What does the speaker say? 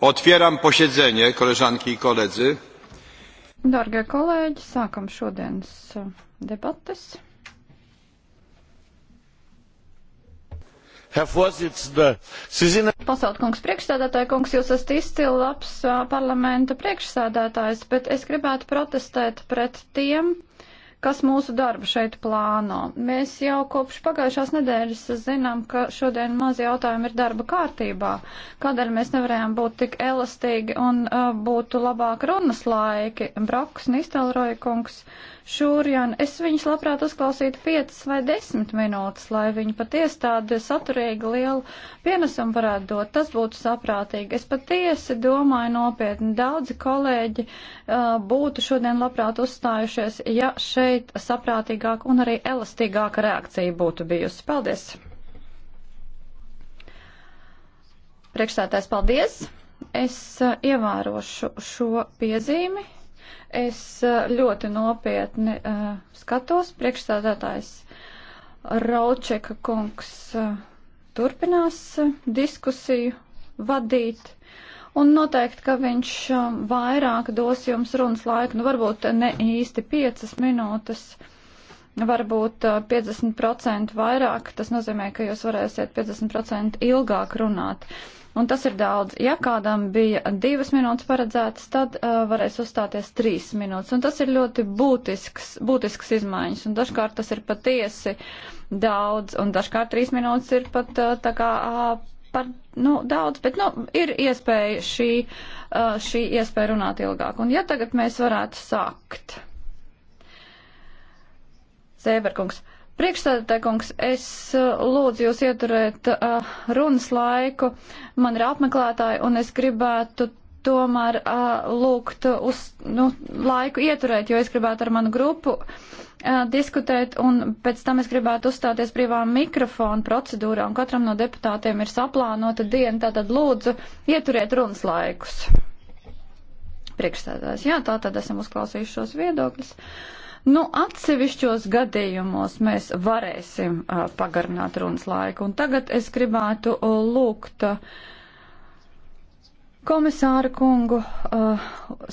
Otwieram posiedzenie, koleżanki i koledzy. Dargie kolēģi, sākam šodienas e, debates. Pasaut kungs priekšsēdētāji, kungs, jūs esat izcili labs e, parlamenta priekšsēdētājs, bet es gribētu protestēt pret tiem, uh, kas mūsu darbu šeit plāno. Mēs jau kopš pagājušās nedēļas zinām, ka šodien maz jautājumi ir darba kārtībā. Kādēļ mēs nevarējām būt tik elastīgi un uh, būtu labāk runas laiki? Broks, Nistelroja kungs, Šūrjan, es viņus labprāt uzklausītu 5 vai 10 minūtes, lai viņi patiesi tādu saturīgu lielu pienesumu varētu dot. Tas būtu saprātīgi. Es patiesi domāju nopietni. Daudzi kolēģi uh, būtu šodien labprāt uzstājušies, ja šeit šeit saprātīgāka un arī elastīgāka reakcija būtu bijusi. Paldies! Priekšsētājs, paldies! Es uh, ievērošu šo piezīmi. Es uh, ļoti nopietni uh, skatos. Priekšsēdētājs Raučeka kungs uh, turpinās uh, diskusiju vadīt. Un noteikti, ka viņš um, vairāk dos jums runas laiku, nu varbūt ne īsti piecas minūtes, varbūt 50% uh, vairāk. Tas nozīmē, ka jūs varēsiet 50% ilgāk runāt. Un tas ir daudz. Ja kādam bija divas minūtes paredzētas, tad uh, varēs uzstāties trīs minūtes. Un tas ir ļoti būtisks, būtisks izmaiņas. Un dažkārt tas ir patiesi daudz. Un dažkārt trīs minūtes ir pat uh, tā kā uh, par nu, daudz, bet nu, ir iespēja šī, uh, šī iespēja runāt ilgāk. Un ja tagad mēs varētu sākt. Zēberkungs. Priekšstādātājkungs, es uh, lūdzu jūs ieturēt uh, runas laiku. Man ir apmeklētāji un es gribētu tomēr uh, lūgt uz nu, laiku ieturēt, jo es gribētu ar manu grupu uh, diskutēt, un pēc tam es gribētu uzstāties brīvā mikrofona procedūrā, un katram no deputātiem ir saplānota diena, tātad lūdzu ieturiet runas laikus. Priekšstādājs, jā, tātad esam uzklausījuši šos viedokļus. Nu, atsevišķos gadījumos mēs varēsim uh, pagarināt runas laiku, un tagad es gribētu uh, lūgt. Uh, komisāra kungu. Uh,